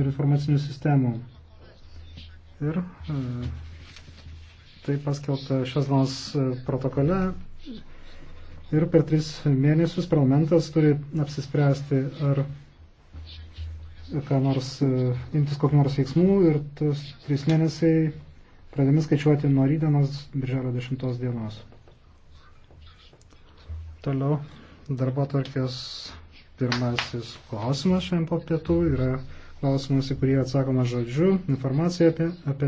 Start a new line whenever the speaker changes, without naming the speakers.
ir informacinių sistemų. Ir e, tai paskelbta šios dienos e, protokole. Ir per tris mėnesius parlamentas turi apsispręsti, ar ką nors, e, imtis kokių nors veiksmų ir tos trys mėnesiai pradėmi skaičiuoti nuo rydienos birželio 10 dienos. Toliau darbo tvarkės pirmasis klausimas šiandien po pietų yra klausimus, į kurį atsakoma žodžiu, informacija apie, apie